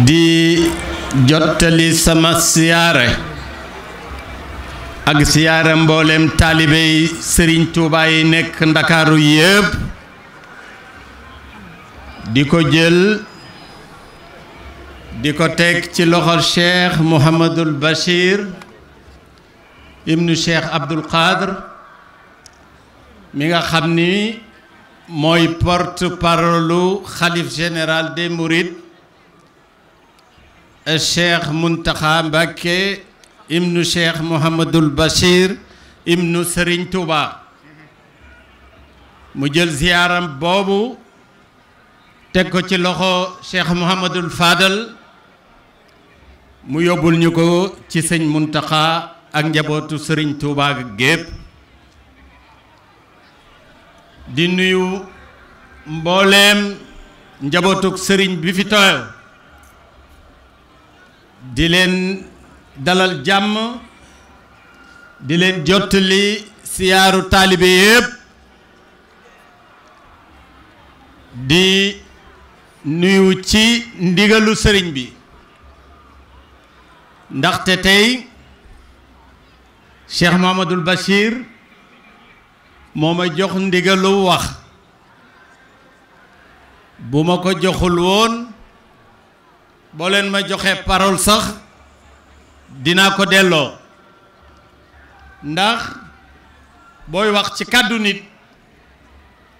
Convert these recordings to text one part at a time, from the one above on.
di jottali sama siyaare ak siyaare mboolem taalibe yi sëriñ Tuubaa yi nekk ndakaaru yépp di ko jël di ko teg ci loxo cheikh Mouhamadul Bachir ibnu cheikh Abdoul Khadr mi nga xam ni mooy porte-parole xalif général de Mourides cheikh Mountakha Mbacké ibnu cheikh Mouhamadul Bachir ibnu Serigne Touba mu jël ziyaaram boobu teg ko ci loxo cheikh Mouhamadul Fadal mu yóbbul ñu ko ci sëñ muntaxa ak njabootu sëriñ Touba gépp di nuyu mbooleem njabootuk sëriñ bi fi tooy di leen dalal jàmm di leen jottali siyaaru taalibe yépp di nuyu ci ndigalu sëriñ bi ndaxte tey Cheikh Mouhamadoul Bachir moo ma jox ndigalu wax bu ma ko joxul woon booleen ma joxe parole sax dinaa ko delloo ndax booy wax ci kàddu nit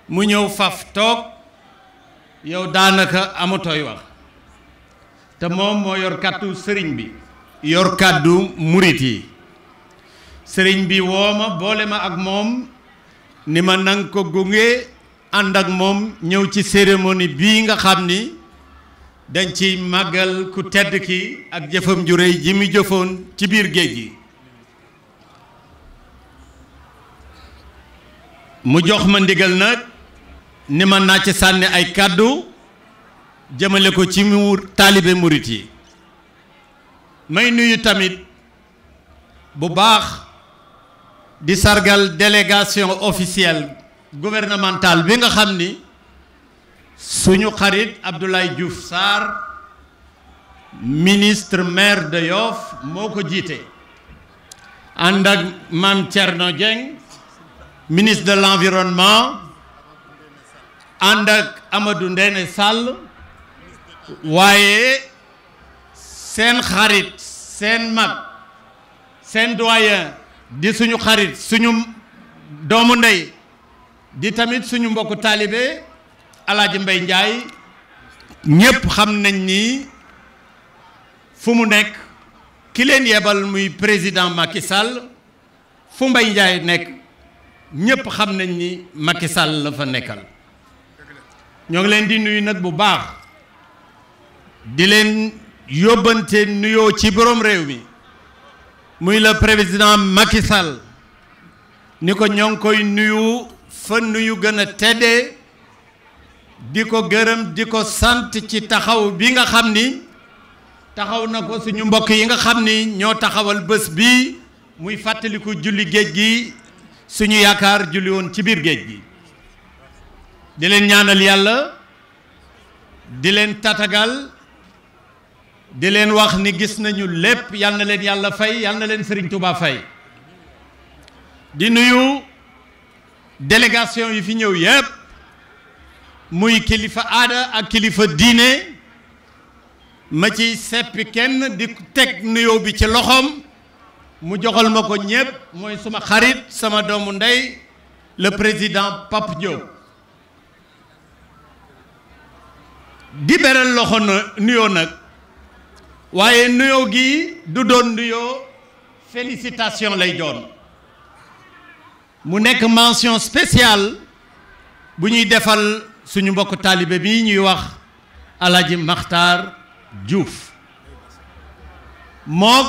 mu ñëw faf toog yow daanaka amatooy wax te moom moo yor kàddu sëriñ bi yor kàddu murit yi sëriñ bi woo ma boole ma ak moom ni ma nang ko gunge ànd ak moom ñëw ci cérémonie bi nga xam ni dañ ciy màggal ku tedd ki ak jëfam ju réy ji mu jëfoon ci biir géej gi mu jox ma ndigal nag ni ma naa ci sànni ay kàddu jëmale ko ci mu taalibe murit yi may nuyu tamit bu baax di sargal délégation officielle gouvernementale bi nga xam ni suñu xarit Abdoulaye Diouf Sarr ministre maire de Yoff moo ko jiite ànd ak Mame Thierno ministre de l'environnement ànd ak Amadou Ndene sàll waaye seen xarit seen mag seen doyen di suñu xarit suñu doomu ndey di tamit suñu mbokku taalibe alaaji mbay njaay ñépp xam nañ ni fu mu nekk ki leen yebal muy président Macky Sall fu mbay njaay nekk ñépp xam nañ ni Macky Sall la fa nekkal ñoo ngi leen di nuyu nag bu baax di leen yóbbante nuyoo ci boroom réew mi muy le président Macky Sall ni ko ñoo ngi koy nuyu fa nuyu gën a di ko gërëm di ko sant ci taxaw bi nga xam ni taxaw na ko suñu mbokk yi nga xam ni ñoo taxawal bés bi muy fàttaliku julli géej gi suñu yaakaar julli woon ci biir géej gi di leen ñaanal yàlla di leen tatagal di leen wax ni gis nañu lépp yal na leen yàlla fay yal na leen Serigne Touba fay di nuyu délégation yi fi ñëw yépp muy kilifa aada ak kilifa diine ma ci seppi kenn di teg nuyoo bi ci loxoom mu joxal ma ko ñépp mooy suma xarit sama doomu ndey la président Pape Diop di beral loxo na nuyoo nag waaye nuyoo gi du doon nuyoo félicitation lay doon mu nekk mention spéciale bu ñuy defal suñu mbokk taalibe bi ñuy wax alaji maxtaar Diouf mook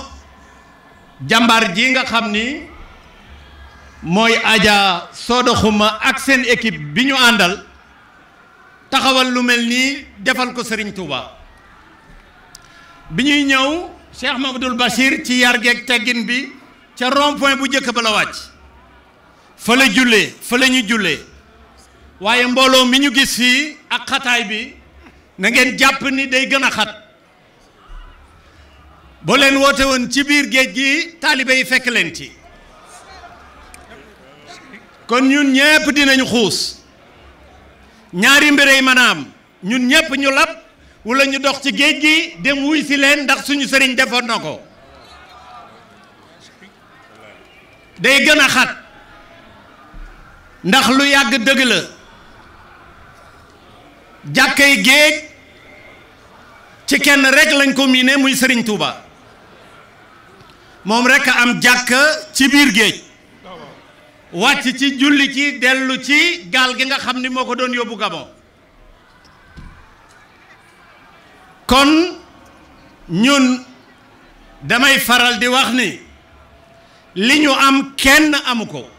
jàmbaar ji nga xam ni mooy aja soodoxuma ak seen équipe bi ñu àndal taxawal lu mel nii defal ko Serigne Touba bi ñuy ñëw Cheikh Mamadou Bachir ci yar geeg bi ca rond bu njëkk ba la wàcc fa la jullee fa la jullee waaye mbooloo mi ñu gis fii ak xataay bi nangeen ngeen jàpp ni day gën a xat boo leen woote woon ci biir géej gi taalibe yi fekk leen ci kon ñun ñépp dinañ xuus ñaari mbirey maanaam ñun ñépp ñu lab wala ñu dox ci géej gi dem wuy si leen ndax suñu sëriñ defoon na ko day gën a xat ndax lu yàgg dëgg la jàkkay géej ci kenn rek lañ ko miine muy Serigne Touba moom rek am jàkk ci biir géej wàcc ci julli ci dellu ci gaal gi nga xam ni moo ko doon yóbbu Gabon kon ñun damay faral di wax ni li ñu am kenn amu ko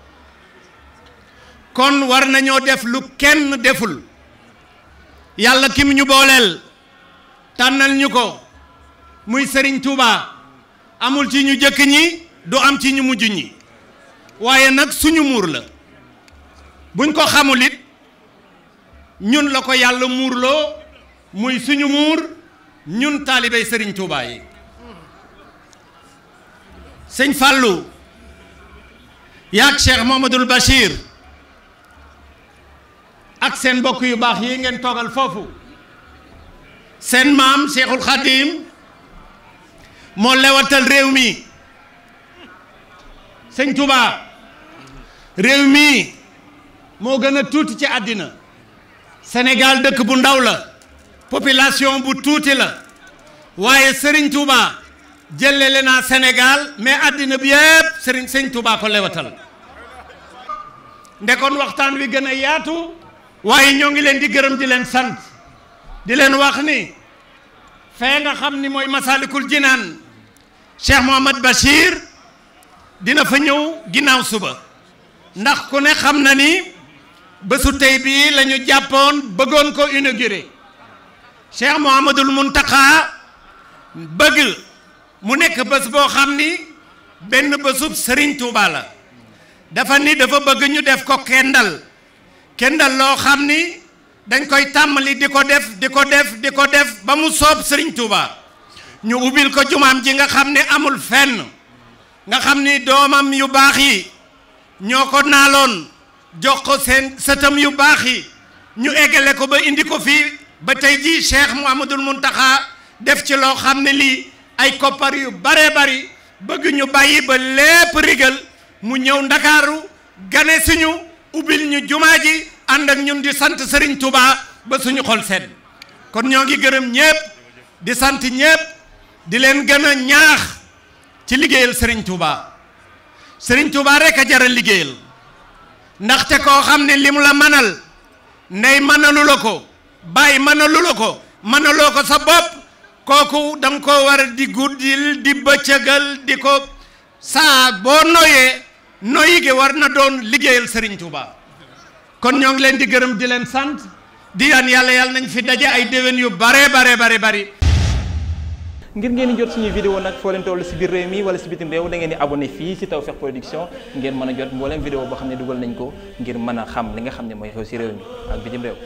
kon war nañoo def lu kenn deful yàlla kim ñu booleel tànnal ñu ko muy sëriñ Touba amul ci ñu jëkk ñi du am ci ñu mujj ñi waaye nag suñu muur la buñ ko xamul it ñun la ko yàlla muurloo muy suñu muur ñun taalibey Serigne Touba yi sëñ Fallou yaag Cheikh Mouhamadoul Bachir seen mbokk yu baax yi ngeen toogal foofu seen maam Cheikhul Khadim moo lewatal réew mi sëñ Touba réew mi moo gën a tuuti ci àddina Sénégal dëkk bu ndaw la population bu tuuti la waaye sëriñ Touba jëlele naa Sénégal mais àddina bi yëpp sëriñ sëñ Touba ko lewatal ndekoon waxtaan wi gën a yaatu waaye ñoo ngi leen di gërëm di leen sant di leen wax ni fee nga xam ni mooy masalikul jinaan Cheikh Mouhamad Bachir dina fa ñëw ginnaaw suba ndax ku ne xam na ni bésu tey bii la ñu jàppoon bëggoon ko inauguré Cheikh Mouhamadul Muntaqa bëgg mu nekk bés boo xam ni benn bésub Serigne Touba la dafa ni dafa bëgg ñu def ko kendal kenn kendal loo xam ni dañ koy tàmmali di ko def di ko def di ko def ba mu soob sëriñ Touba ñu ubbil ko jumaam ji nga xam ne amul fenn nga xam ni doomam yu baax yi ñoo ko naaloon jox ko seen sëtam yu baax yi ñu eggale ko ba indi ko fii ba tey ji jii Cheikh Mouhamadoul Mountakha def ci loo xam ne lii ay koppar yu bare bari bëgguñu ñu bàyyi ba lépp rigal mu ñëw ndakaaru gane suñu ubbil ñu jumaa ji àndak ak ñun di sant Serigne Touba ba suñu xol sedd kon ñoo ngi gërëm ñépp di sant ñépp di leen gën a ñaax ci liggéeyal Serigne Touba Serigne Touba rek a jara liggéeyal ndaxte koo xam ne li mu la manal ndey manalu la ko bàyyi manalu la ko manaloo ko sa bopp kooku danga ko war a di guddil di bëccëgal di ko saa boo noyee noyyi gi war na doon liggéeyal Serigne Touba kon ñoo ngi leen di gërëm di leen sant di daan yàlla yàlla nañ fi daje ay déwén yu bare bare bare bari ngir ngeen di jot suñuy vidéo nag foo leen toll si biir réew mi wala si bitim réew da ngeen di abonné fii si Tawfekh Production ngeen mën a jot mbooleem vidéo boo xam ne dugal nañ ko ngir mën a xam li nga xam ne mooy xew si réew mi ak bitim réew